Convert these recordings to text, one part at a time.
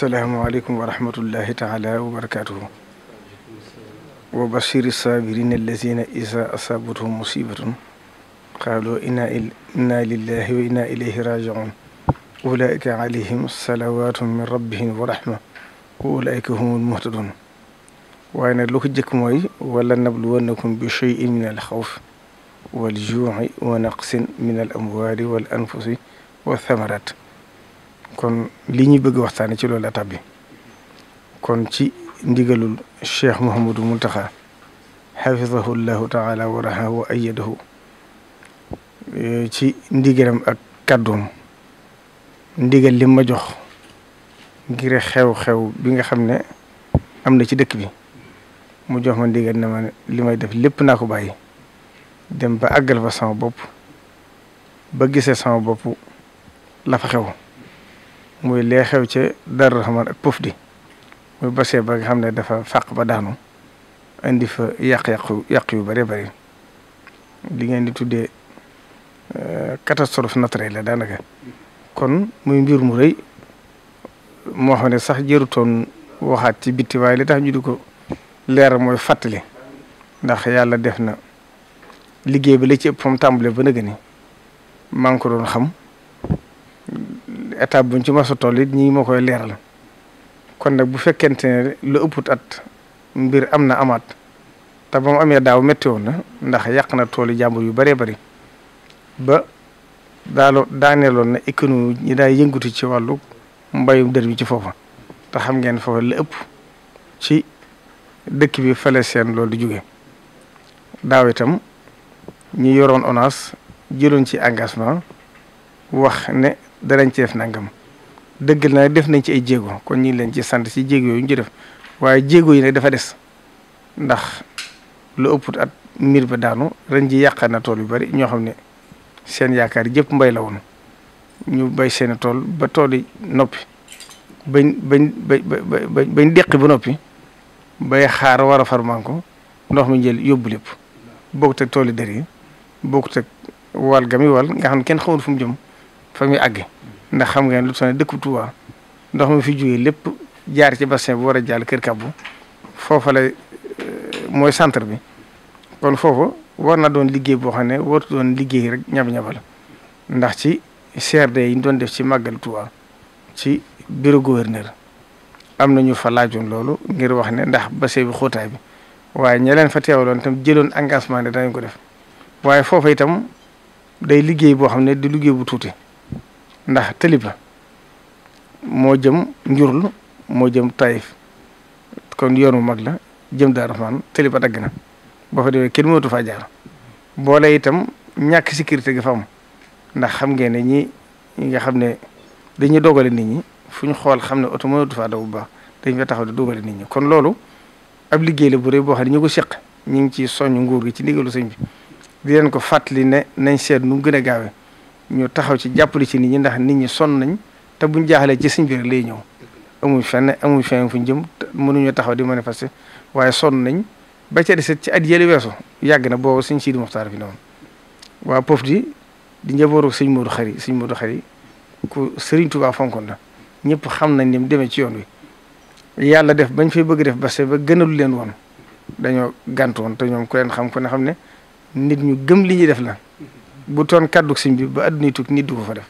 asalaamaaleykum wa rahmatullahi taala wa barakaatuhu wa bashiri saabirina allazina isa asabatuhum musibatun qaalu inna inna lillahi wa inna ilayhi rajiun ulaika alayhim salawatun min rabbihim wa rahma wa ulaika humul muhtadun waaye nag lu ko jëkk mooy wala nabluwannakum bi cheyin min alxawf wal juuci wa naqsin min al amwaali wal anfusi wa thamarat kon li ñu bëgg waxtaane ci loolu étape bi kon ci ndigalul cheikh Mouhamadou Mountakha xafidahu llahu war a raha ay ayadahu ci ndigalam ak kàddoom ndigal lim ma jox ngir xew-xew bi nga xam ne am na ci dëkk bi mu jox ma ndigal ne ma li may def lépp naa ko bàyyi dem ba àggal fa sama bopp ba gisee sama bopp la xew muy lee xew ca Darou Rahman ak Pouf di muy basee ba nga xam ne dafa fàq ba daanu indi fa yàq-yàq yu bëree bëri li ngeen di tuddee euh, catastrophe naturelle la daanaka kon muy mbir mu rëy moo xam ne sax jërutoon waxaat ci bitti waaye li tax ñu di ko leer mooy fàttali ndax yàlla def na liggéey bi la ci ëpp fa mu tàmbalee ba nëgë ni maa ngi ko doon xam. étape buñ ci mos a toll it ñii moo koy leeral kon nag bu fekkente ne lu ëpput at mbir am na amaat te ba mu amee daaw métti na ndax yàq na toolu jàmbur yu bëree bëri ba daalo daaneeloon na économie ñi daay yëngatu ci wàllu mbayum dër bi ci foofa te xam ngeen foofa la ëpp ci dëkk bi fale seen loolu di jóge daaw itam ñi yoroon ONAS jëloon ci engagement wax ne danañ ci def nangam dëggal naa def nañ ci ay jéego kon ñu leen ci sant si jéego yooyu ñu ci def waaye jéego yi nag dafa des ndax lu ëpp at ba daanu ren ji yàqaat na tool yu bari ñoo xam ne seen yaakaar yëpp mbay la woon ñu bay seen tool ba tool yi noppi bañ bañ bañ bañ deqi ba noppi bay xaar war a farmanko ndox mu jël yóbbu lépp bokkut ak tool yi der yi bokkut ak wal gami wal nga xam ne kenn xamul fu mu jëm. fa muy àgg ndax xam ngeen lu tax dëkku Touba ndox mi fi jógee lépp jaar ci bassin bu war a jàll Kër Kabbu foofa la euh, mooy centre bi kon foofu war na doon liggéey boo xam ne wartu doon liggéey rek ñab-ñabal ndax ci CRD yi ñu doon def ci màggal Touba ci bureau am na ñu fa laajoon loolu ngir wax ne ndax bassin bi xóotaay bi waaye ña leen fa teewaloon jëloon engagement ne danañ ko def waaye foofa itam day liggéey boo xam ne di liggéey bu tuuti. ndax tëli moo jëm njurul moo jëm Taïf kon yoonu mag la jëm daara Rahmaan tëli ba dagg na boo fa demee kenn mënatu faa jaar boole itam ñàkk sécurité ga fa am ndax xam ngeen ne ñi ñi nga xam ne dañuy dogale nit ñi fu ñu xool xam ne oto mënatu faa daw bu baax dañ fa taxaw di dogale nit ñi kon loolu ab liggéey la bu rëy boo xam ñu ko seq ñu ngi ci soññ nguur gi ci ndigalu sëñ bi di leen ko fàttali ne nañ seet nu gën a gaawe ñu taxaw ci jàppale ci nit ñi ndax nit ñi sonn nañ te buñ jaaxalee ci siñ biir lay ñëw amuñ fenn amuñ fenn fuñ jëm mënuñoo taxaw di manifester waaye sonn nañ ba ca deset ci at yële yàgg na boobu suñ Sidi Muxtaar fi ne woon waa Pof di di njabooru suñ Modou Xari suñ Modou Xari ku Serigne Touba fonkoon na ñëpp xam nañ ni mu demee ci yoon wi yàlla def bañ fay bëgg def base ba gënalu leen woon dañoo gàntu te ñoom ku leen xam ku xam ne nit ñu gëm li ñuy def la bu toon kàddu sëñ bi ba àdduna tukki nit du ko fa def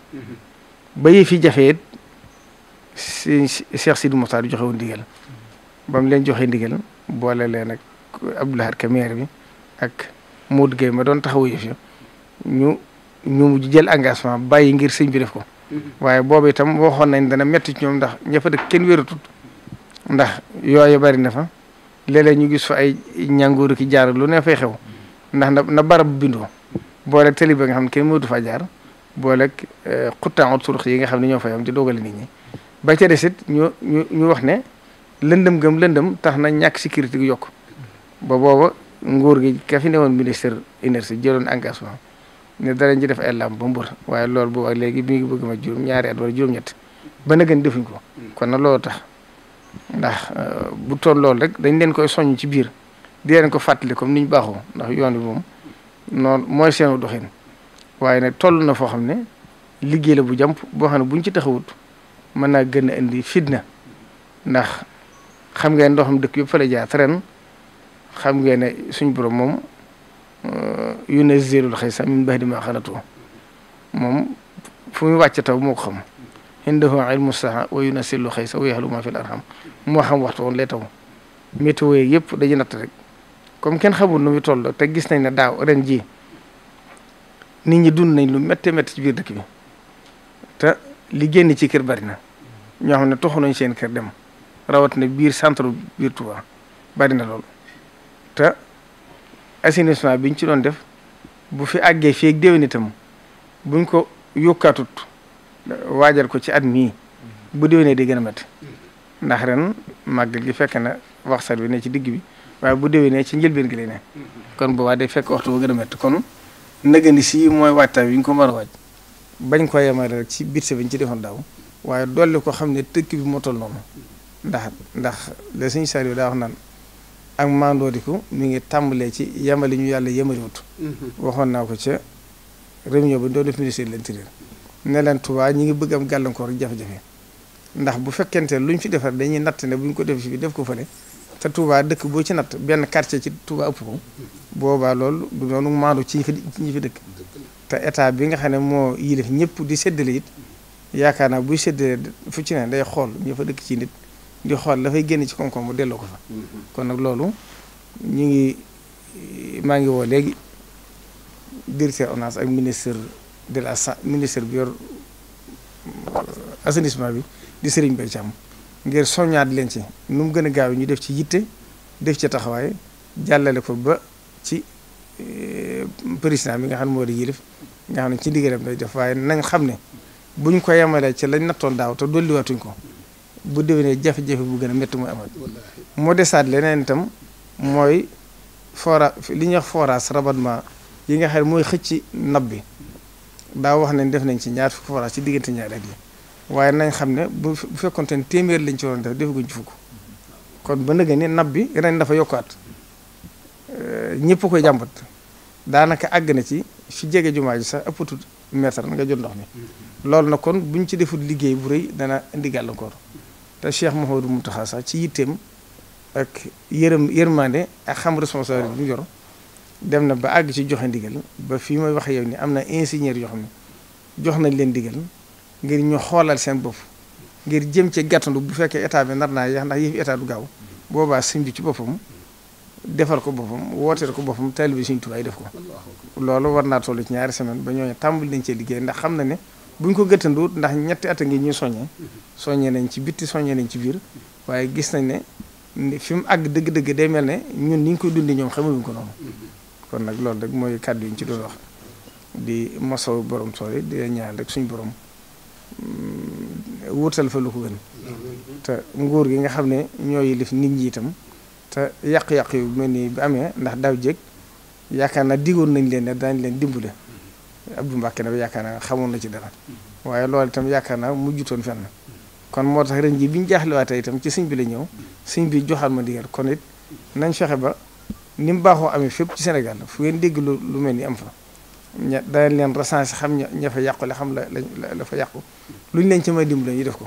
ba yëf yi jafe it si Cheikh Sidi Mokhtar joxe woon ndigal ba leen joxe ndigal boole leen ak Abdoulahad Ka maire bi ak Modou Gueye ma doon taxawu yëf ya ñu ñu jël engagement bàyyi ngir sëñ bi def ko. waaye boobu itam waxoon nañ dana metti ci ñoom ndax ña fa dëkk kenn wératut ndax yooyu bari na fa léeg ñu gis fa ay ñàngooru ki jaar lu ne fa xew ndax na na barab bindoo. booleeg tali ba nga xam ne kenn mënatu faa jaar booleeg eh, xuttaan turux yi nga xam ne ñoo fay am di dogale nit ñi ba ca des it ñu ñu wax ne lëndëm gëm lëndëm tax nañ ñàkk sécurité gu yokk ba booba nguur gi ka fi newoon ministère énergie jëloon engagement ne darañ ci def ay làmp ba mbër waaye lool boobu ak léegi mi ngi bëgg ma juróom ñaari at wala juróom-ñett ba gën defuñ ko kon na loolu tax ndax eh, bu toll loolu rek dañ leen koy soññ ci biir di leen ko fàttali comme ni ñu baaxoo ndax yoon wi moom noonu mooy seenu doxin waaye nag toll na foo xam ne liggéey la bu jàmp boo xam ne buñ ci taxawut mën naa gën a indi fitna ndax xam ngeen ndoxam dëkk yëpp fa la jaar ren xam nga ne suñ borom moom euh, yunazzilul xaysa min ba'di ma xanatu moom fu muy wàcc taw moo ko xam indahu ilmu saa wa yunazzilul xaysa wa yaxlu ma fil arham moo xam waxtu woon lay taw météo yëpp dañu natt rek comme kenn xamul nu muy toll te gis nañ ne daaw ren ji nit ñi dund nañ lu métti métti ci biir dëkk bi te li génn ci kër bari na ñoo xam ne toxu nañ seen kër dem rawatina biir centre biir Touba bari na lool te assainissement biñ ci doon def bu fi àggee fii ak déwén buñ ko yokkaatut waajal ko ci at mii bu déwénee di gën a métti ndax ren màggal gi fekk na waxsal bi ne ci digg bi. waaye bu déwénee ci njëlbeen gi lay ne mm-hmm. kon boobaa day fekk waxtu bu gën a métti kon nëgëni si mooy waajtaay bi ñu ko war a waaj bañ ko yemale rek ci biir bi ñu ci defoon daaw waaye dolli ko xam ne tëkk bi moo toll noonu ndax ndax le suñu saa daa wax naan ak maandoodiku ngi tàmbalee ci yemale ñu yàlla yemalewut mm-hmm. waxoon naa ko ca réunion bi ñu doon def ministère de l'intérieur ne leen Tuubaa ñi ngi bëgg am gàllankoor jafe ndax bu fekkente luñ fi defar dañuy natt ne ñu ko def ci bi def ko fële. te Touba dëkk boo ci nat benn quartier ci Touba ëpp ko boobaa loolu du doonu maandu ci ñi fi ñi dëkk te état bi nga xam ne moo yilif ñëpp di séddale it yaakaar naa buy séddale fu ci ne day xool ñu fa dëkk ci nit di xool dafay génn ci koom-koom bu delloo ko fa kon nag loolu ñu ngi maa ngi woo léegi directeur ONAS ak ministre de la sa ministre bi yor euh, assainissement bi di Serigne Mbaye Thiam ngir soññaat leen ci nu mu gën a gaaw ñu def ci yitte def ci taxawaay jàllale ko ba ci eh, président bi nga xam ne moo di yilif nga xam ne ci liggéeyam day def waaye nañ xam ne buñ ko yemalee ci lañ nattoon daaw te dolliwaatuñ ko bu déwénee jafe-jafe bu gën a métti mooy amal moo desaat leneen itam mooy fora li ñuy wax forage rabattement yi nga xam mooy xëcc nab bi daa wax ne def nañ ci ñaar fukki forage ci diggante ñaari at yi waaye nañ xam ne bu fekkonte ne téeméer lañ ci waroon def defaguñ ci fukk kon ba nëgë ni nab bi ren dafa yokkuwaat euh, ñëpp koy jàmbat daanaka àgg na ci fi jege jumaa ji sax ëppatul mètre nga jot ndox mi loolu na kon buñ ci deful liggéey bu rëy dana indi gàllankoor te Cheikh Mouhamadou Mountakha sax ci yitteem ak yërëm yërmande ak xam responsabilité bu mu yor dem na ba àgg ci joxe ndigal ba fii may wax yow ni am na ingénieur yoo xam ne jox nañ leen ndigal ngir ñu xoolal seen bopp ngir jëm ci gàttandu bu fekkee état bi nar naa yeex ndax yëf état du gaaw boobaa sëñ bi ci boppam defal ko boppam wooteel ko boppam taalibe bi Sëñ Tuubaa yi def ko loolu war naa toll ci ñaari semaine ba ñoo tàmbali nañ cee liggéey ndax xam na ne buñ ko gëttanduwut ndax ñetti at a ñuy soññee soññee nañ ci bitti soññee nañ ci biir waaye gis nañ ne fi mu àgg dëgg-dëgg day mel ne ñun ni ñu koy dundi ñoom xamaluñ ko noonu kon nag loolu rek mooy kàddu yi ñu ci doon wax di mosaw borom tool di ñaan rek suñu borom wutal fa lu ko gën te nguur gi nga xam ne ñoo yilif nit ñi itam te yàq-yàq yu mel nii ba amee ndax daaw jéeg yaakaar naa digoon nañ leen ne daañ leen dimbale Abdou Mbacke nag yaakaar naa xamoon na ci dara waaye loolu tam yaakaar naa mujjutoon fenn kon moo tax ren jii bi ñu jaaxlewaatee itam ci sëñ bi la ñëw sëñ bi joxal ma ndigal kon it nañ fexe ba ni mu baaxoo amee fépp ci Sénégal fu ngeen dégg lu lu mel ni am fa. ña danañ leen recensé xam ña fa yàqu la xam la la fa yàqu luñ leen ci may dimbali ñu def ko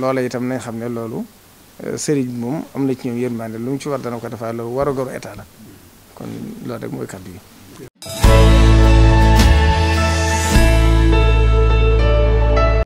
loola itam nañ xam ne loolu euh, sëriñ moom am na ci ñoom yërmande lu mu ci war dana ko defaa loolu war a goru état la kon loolu rek mooy kàddu yi